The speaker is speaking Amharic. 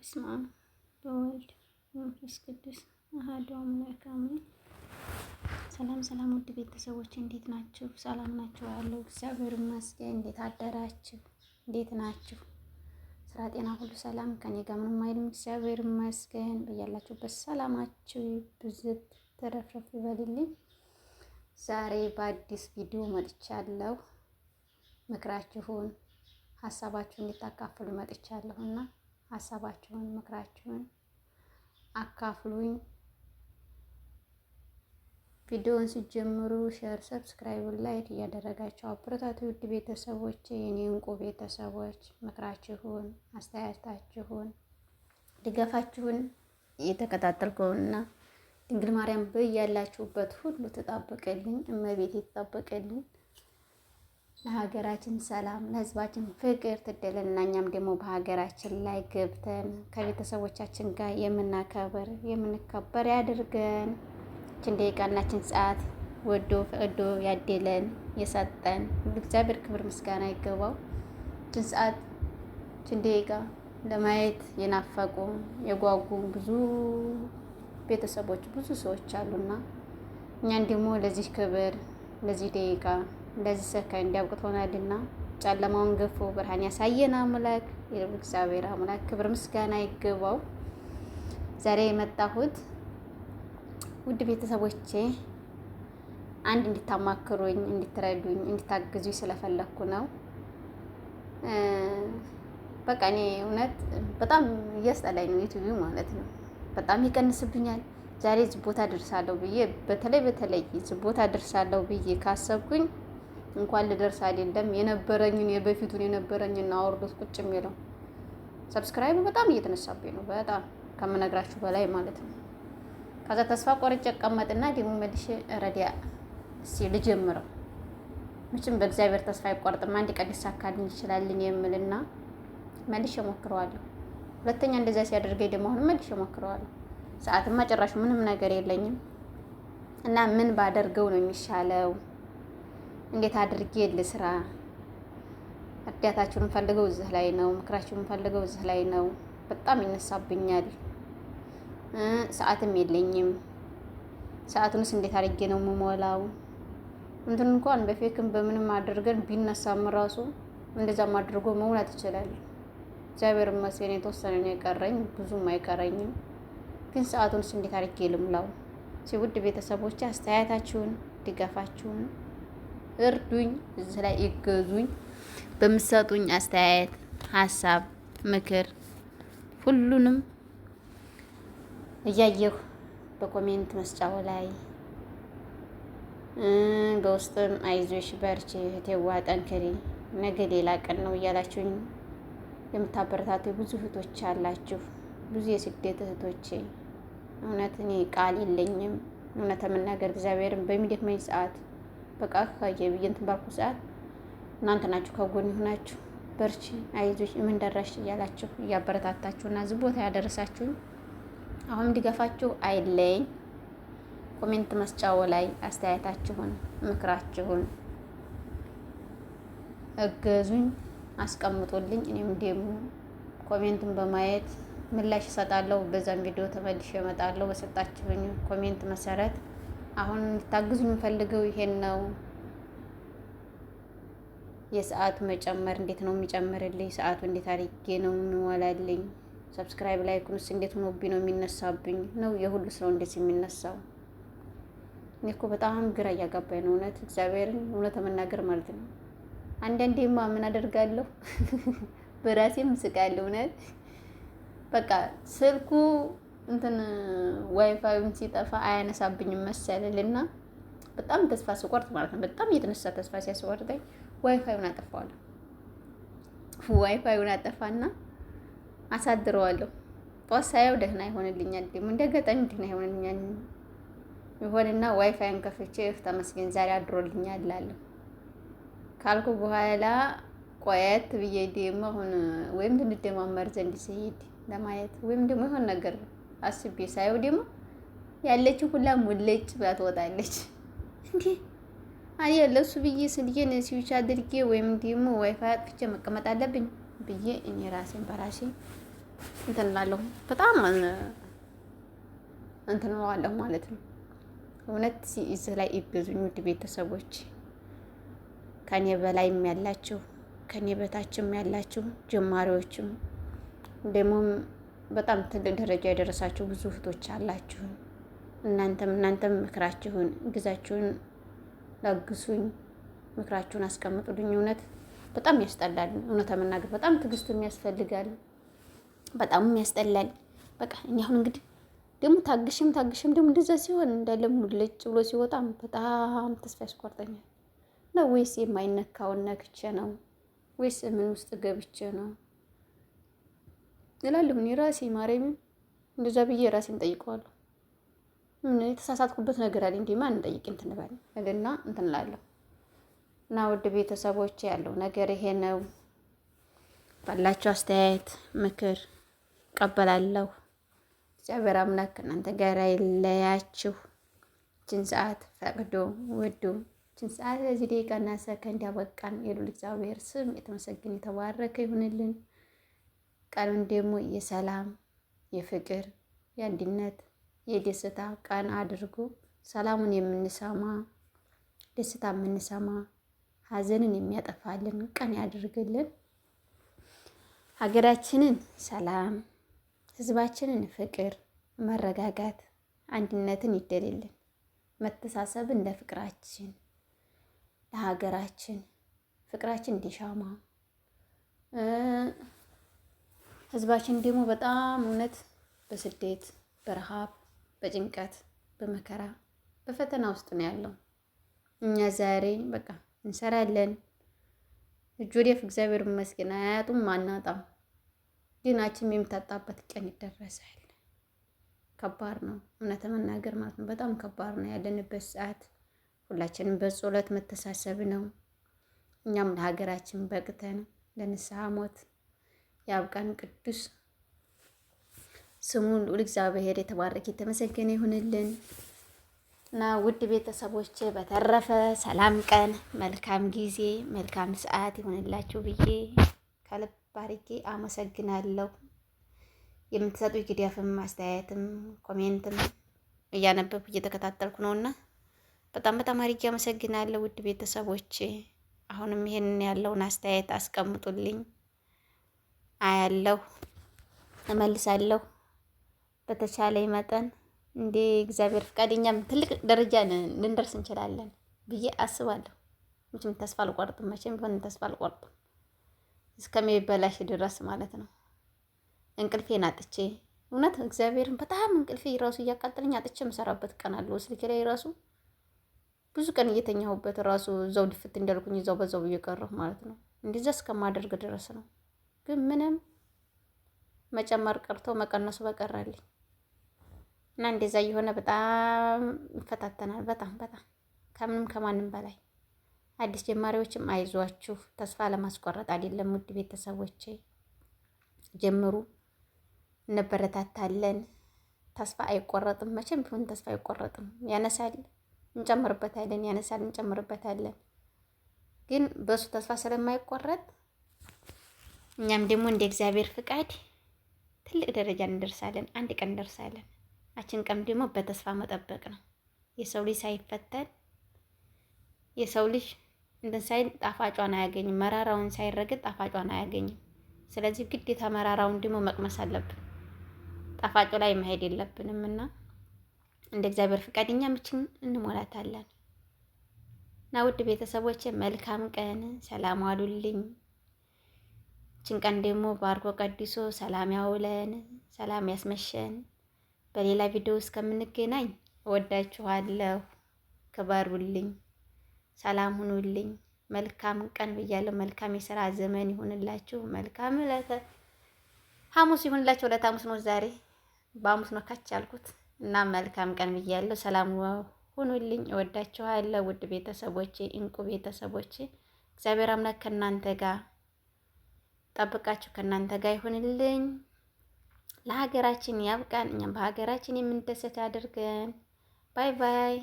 በስመ አብ በወልድ በመንፈስ ቅዱስ አሐዱ አምላክ አሜን። ሰላም ሰላም፣ ውድ ቤተሰቦች እንዴት ናችሁ? ሰላም ናችሁ? አለው እግዚአብሔር ይመስገን። እንዴት አደራችሁ? እንዴት ናችሁ? ስራ፣ ጤና ሁሉ ሰላም ከኔ ጋር ምንም አይልም። እግዚአብሔር ይመስገን። በያላችሁበት ሰላማችሁ ብዝት ተረፍረፍ ይበልልኝ። ዛሬ በአዲስ ቪዲዮ መጥቻለሁ። ምክራችሁን ሀሳባችሁን እንድታካፍሉ መጥቻለሁ እና ሀሳባችሁን፣ ምክራችሁን አካፍሉኝ። ቪዲዮውን ሲጀምሩ ሼር፣ ሰብስክራይብ፣ ላይክ እያደረጋቸው አበረታቱ። ውድ ቤተሰቦች፣ የኔ እንቁ ቤተሰቦች ምክራችሁን፣ አስተያየታችሁን፣ ድጋፋችሁን እየተከታተልኩና ድንግል ማርያም በያላችሁበት ሁሉ ተጣበቀልኝ እመቤት ትጣበቅልኝ። ለሀገራችን ሰላም ለህዝባችን ፍቅር ትደለና እኛም ደግሞ በሀገራችን ላይ ገብተን ከቤተሰቦቻችን ጋር የምናከብር የምንከበር ያድርገን። ችን ደቂቃናችን ሰዓት ወዶ ፈቅዶ ያደለን የሰጠን እግዚአብሔር ክብር ምስጋና ይገባው። ችን ሰዓት ችን ደቂቃ ለማየት የናፈቁ የጓጉ ብዙ ቤተሰቦች ብዙ ሰዎች አሉና እኛን ደግሞ ለዚህ ክብር ለዚህ ደቂቃ እንደዚህ ሰከን እንዲያብቅቶናልና ጨለማውን ገፎ ብርሃን ያሳየን አምላክ እግዚአብሔር አምላክ ክብር ምስጋና ይገባው። ዛሬ የመጣሁት ውድ ቤተሰቦቼ አንድ እንድታማክሩኝ፣ እንድትረዱኝ፣ እንድታግዙኝ ስለፈለግኩ ነው። በቃ እኔ እውነት በጣም እያስጠላኝ ነው ዩቲዩብ ማለት ነው። በጣም ይቀንስብኛል። ዛሬ ዝቦታ ደርሳለሁ ብዬ በተለይ በተለይ ዝቦታ ደርሳለሁ ብዬ ካሰብኩኝ እንኳን ልደርስ አይደለም የነበረኝን የበፊቱን የነበረኝን አውርዶት ቁጭ የሚለው ሰብስክራይብ በጣም እየተነሳብኝ ነው፣ በጣም ከምነግራችሁ በላይ ማለት ነው። ከዛ ተስፋ ቆርጬ እቀመጥና ደግሞ መልሼ ረዲያ እስኪ ልጀምረው። መቼም በእግዚአብሔር ተስፋ አይቆርጥም፣ አንድ ቀን ሊሳካልኝ ይችላልን የምልና መልሼ ሞክረዋለሁ። ሁለተኛ እንደዚያ ሲያደርገኝ ደግሞ አሁንም መልሼ ሞክረዋለሁ። ሰዓትማ ጭራሽ ምንም ነገር የለኝም እና ምን ባደርገው ነው የሚሻለው? እንዴት አድርጌ ልስራ? እርዳታችሁን ፈልገው እዚህ ላይ ነው፣ ምክራችሁን ፈልገው እዚህ ላይ ነው። በጣም ይነሳብኛል፣ ሰዓትም የለኝም። ሰዓቱንስ እንዴት አድርጌ ነው የምሞላው? እንትን እንኳን በፌክም በምንም አድርገን ቢነሳም ራሱ እንደዛም አድርጎ መውላት ይችላል። እግዚአብሔር ይመስገን የተወሰነ ነው የቀረኝ፣ ብዙም አይቀረኝም። ግን ሰዓቱንስ እንዴት አድርጌ ልሙላው? ሲውድ ቤተሰቦች አስተያየታችሁን ድጋፋችሁን እርዱኝ፣ እዚህ ላይ ይገዙኝ። በምትሰጡኝ አስተያየት፣ ሀሳብ፣ ምክር ሁሉንም እያየሁ በኮሜንት መስጫው ላይ በውስጥም አይዞሽ በርቺ፣ እህቴዋ ጠንክሪ፣ ነገ ሌላ ቀን ነው እያላችሁኝ የምታበረታቱ ብዙ እህቶች አላችሁ። ብዙ የስደት እህቶች እውነት እኔ ቃል የለኝም እውነት የምናገር እግዚአብሔርን በሚደክመኝ ሰዓት በቃ ከየ ብዬ እንትን ባልኩ ሰዓት እናንተ ናችሁ ከጎን ይሆናችሁ በርቺ፣ አይዞች ምን ደረሽ እያላችሁ እያበረታታችሁ እና እዚህ ቦታ ያደረሳችሁኝ አሁንም ድጋፋችሁ አይለኝ። ኮሜንት መስጫው ላይ አስተያየታችሁን፣ ምክራችሁን እገዙኝ አስቀምጡልኝ። እኔም ደግሞ ኮሜንትን በማየት ምላሽ እሰጣለሁ። በዛም ቪዲዮ ተመልሼ እመጣለሁ። በሰጣችሁኝ ኮሜንት መሰረት አሁን እንድታግዙ የምፈልገው ይሄን ነው። የሰዓቱ መጨመር እንዴት ነው የሚጨምርልኝ? ሰዓቱ እንዴት አድርጌ ነው የሚሞላልኝ? ሰብስክራይብ ኩንስ እንዴት ሆኖብኝ ነው የሚነሳብኝ? ነው የሁሉ ስለው እንዴት የሚነሳው? እኔ እኮ በጣም ግራ እያጋባኝ ነው እውነት እግዚአብሔርን እውነት መናገር ማለት ነው። አንዳንዴማ ምን አደርጋለሁ በራሴ ምስቃለሁ እውነት በቃ ስልኩ እንትን ዋይፋዩን ሲጠፋ አያነሳብኝም መሰልልና በጣም ተስፋ ስቆርጥ ማለት ነው። በጣም እየተነሳ ተስፋ ሲያስቆርጠኝ ዋይፋዩን አጠፋዋለሁ። ዋይፋዩን አጠፋና አሳድረዋለሁ። ጧት ሳየው ደህና ይሆንልኛል፣ ደግሞ እንደ አጋጣሚ ደህና ይሆንልኛል ይሆንና ዋይፋይን ከፍቼ ተመስገን ዛሬ አድሮልኛል እላለሁ። ካልኩ በኋላ ቆየት ብዬ ደግሞ አሁን ወይም ልንደማመር ዘንድ ሲሄድ ለማየት ወይም ደግሞ ይሆን ነገር ነው አስቤ ሳየው ደግሞ ያለችው ሁላ ሙለጭ ብላ ትወጣለች። እንዴ አይ ለሱ ብዬ ስልኬን ሲዊች አድርጌ ወይም ደግሞ ዋይፋይ አጥፍቼ መቀመጥ አለብኝ ብዬ እኔ ራሴን በራሴ እንትን እላለሁ። በጣም እንትን እለዋለሁ ማለት ነው። እውነት እዚህ ላይ ይገዙኝ ውድ ቤተሰቦች፣ ከኔ በላይም ያላችሁ ከኔ በታችም ያላችሁ ጀማሪዎችም ደግሞም በጣም ትልቅ ደረጃ የደረሳችሁ ብዙ እህቶች አላችሁ። እናንተም እናንተም ምክራችሁን ግዛችሁን ለግሱኝ፣ ምክራችሁን አስቀምጡልኝ። እውነት በጣም ያስጠላል። እውነት መናገር በጣም ትዕግስትም ያስፈልጋል። በጣም ያስጠላል። በቃ እኛ አሁን እንግዲህ ደግሞ ታግሽም ታግሽም ደግሞ እንደዛ ሲሆን እንዳለ ሙልጭ ብሎ ሲወጣም በጣም ተስፋ ያስቆርጠኛል ነው ወይስ የማይነካውን ነክቼ ነው ወይስ ምን ውስጥ ገብቼ ነው? እላለሁ እኔ ራሴ ማርያምን እንደዛ ብዬ ራሴን ጠይቀዋለሁ። ምን የተሳሳትኩበት ነገር አለ እንዴ? ማን እንጠይቅ እንትን ባል እልና እንትን እላለሁ። እና ውድ ቤተሰቦች ያለው ነገር ይሄ ነው። ባላችሁ አስተያየት፣ ምክር ቀበላለሁ። እግዚአብሔር አምላክ እናንተ ጋር ይለያችሁ። ችን ሰዓት ፈቅዶ ወዶ ችን ሰዓት ለዚህ ደቂቃና ሰከንድ ያበቃን የሉል እግዚአብሔር ስም የተመሰገነ የተባረከ ይሁንልን። ቀኑን ደግሞ የሰላም የፍቅር የአንድነት የደስታ ቀን አድርጎ ሰላሙን የምንሰማ ደስታ የምንሰማ ሀዘንን የሚያጠፋልን ቀን ያድርግልን። ሀገራችንን ሰላም፣ ህዝባችንን ፍቅር፣ መረጋጋት፣ አንድነትን ይደልልን። መተሳሰብን ለፍቅራችን ለሀገራችን ፍቅራችን እንዲሻማ ህዝባችን ደግሞ በጣም እውነት በስደት በረሃብ በጭንቀት በመከራ በፈተና ውስጥ ነው ያለው። እኛ ዛሬ በቃ እንሰራለን እጅ ወደፍ እግዚአብሔር ይመስገን አያጡም አናጣም። ዲናችን የሚታጣበት ቀን ይደረሳል። ከባድ ነው እውነት መናገር ማለት ነው። በጣም ከባድ ነው ያለንበት ሰዓት። ሁላችንም በጸሎት መተሳሰብ ነው። እኛም ለሀገራችን በቅተን ለንስሐ ሞት ያብቃን። ቅዱስ ስሙን ሁሉ እግዚአብሔር የተባረከ የተመሰገነ ይሁንልን እና ውድ ቤተሰቦች በተረፈ ሰላም ቀን፣ መልካም ጊዜ፣ መልካም ሰዓት ይሁንላችሁ ብዬ ከልብ አርጌ አመሰግናለሁ። የምትሰጡ ግዳፍም አስተያየትም ኮሜንትም እያነበብኩ እየተከታተልኩ ነውና በጣም በጣም አሪጌ አመሰግናለሁ ውድ ቤተሰቦች አሁንም ይሄንን ያለውን አስተያየት አስቀምጡልኝ። አያለሁ፣ እመልሳለሁ። በተቻለ መጠን እንደ እግዚአብሔር ፍቃድ እኛም ትልቅ ደረጃ ልንደርስ እንችላለን ብዬ አስባለሁ። መቼም ተስፋ አልቆርጥም፣ መቼም ቢሆን ተስፋ አልቆርጥም እስከሚበላሽ ድረስ ማለት ነው። እንቅልፌን አጥቼ እውነት እግዚአብሔርን በጣም እንቅልፌ ራሱ እያቃጠለኝ አጥቼ የምሰራበት ቀን አለ። ስልኬ ላይ ራሱ ብዙ ቀን እየተኛሁበት ራሱ እዛው ድፍት እንዳልኩኝ እዛው በዛው እየቀረሁ ማለት ነው። እንደዛ እስከማደርግ ድረስ ነው። ግን ምንም መጨመር ቀርቶ መቀነሱ በቀረልኝ እና እንደዛ እየሆነ በጣም ይፈታተናል። በጣም በጣም ከምንም ከማንም በላይ አዲስ ጀማሪዎችም አይዟችሁ፣ ተስፋ ለማስቆረጥ አይደለም። ውድ ቤተሰቦቼ ጀምሩ፣ እንበረታታለን። ተስፋ አይቆረጥም፣ መቼም ቢሆን ተስፋ አይቆረጥም። ያነሳል እንጨምርበታለን፣ ያነሳል እንጨምርበታለን። ግን በእሱ ተስፋ ስለማይቆረጥ እኛም ደግሞ እንደ እግዚአብሔር ፍቃድ ትልቅ ደረጃ እንደርሳለን። አንድ ቀን እንደርሳለን። አችን ቀን ደግሞ በተስፋ መጠበቅ ነው። የሰው ልጅ ሳይፈተን የሰው ልጅ እንትን ሳይል ጣፋጯን አያገኝም። መራራውን ሳይረግጥ ጣፋጯን አያገኝም። ስለዚህ ግዴታ መራራውን ደግሞ መቅመስ አለብን። ጣፋጩ ላይ መሄድ የለብንም እና እንደ እግዚአብሔር ፍቃድ እኛም ምችን እንሞላታለን እና ውድ ቤተሰቦች መልካም ቀን፣ ሰላም ዋሉልኝ። ችንቀን ደግሞ ባርኮ ቀድሶ ሰላም ያውለን፣ ሰላም ያስመሸን። በሌላ ቪዲዮ እስከምንገናኝ እወዳችኋለሁ። ክበሩልኝ፣ ሰላም ሁኑልኝ። መልካም ቀን ብያለሁ። መልካም የስራ ዘመን ይሁንላችሁ። መልካም ዕለተ ሐሙስ ይሁንላችሁ። ዕለተ ሐሙስ ነው ዛሬ፣ በሐሙስ ነው ካች ያልኩት እና መልካም ቀን ብያለሁ። ሰላም ሁኑልኝ። እወዳችኋለሁ ውድ ቤተሰቦቼ፣ እንቁ ቤተሰቦቼ። እግዚአብሔር አምላክ ከእናንተ ጋር ጠብቃችሁ ከእናንተ ጋር ይሁንልኝ። ለሀገራችን ያብቃን። እኛም በሀገራችን የምንደሰት ያድርገን። ባይ ባይ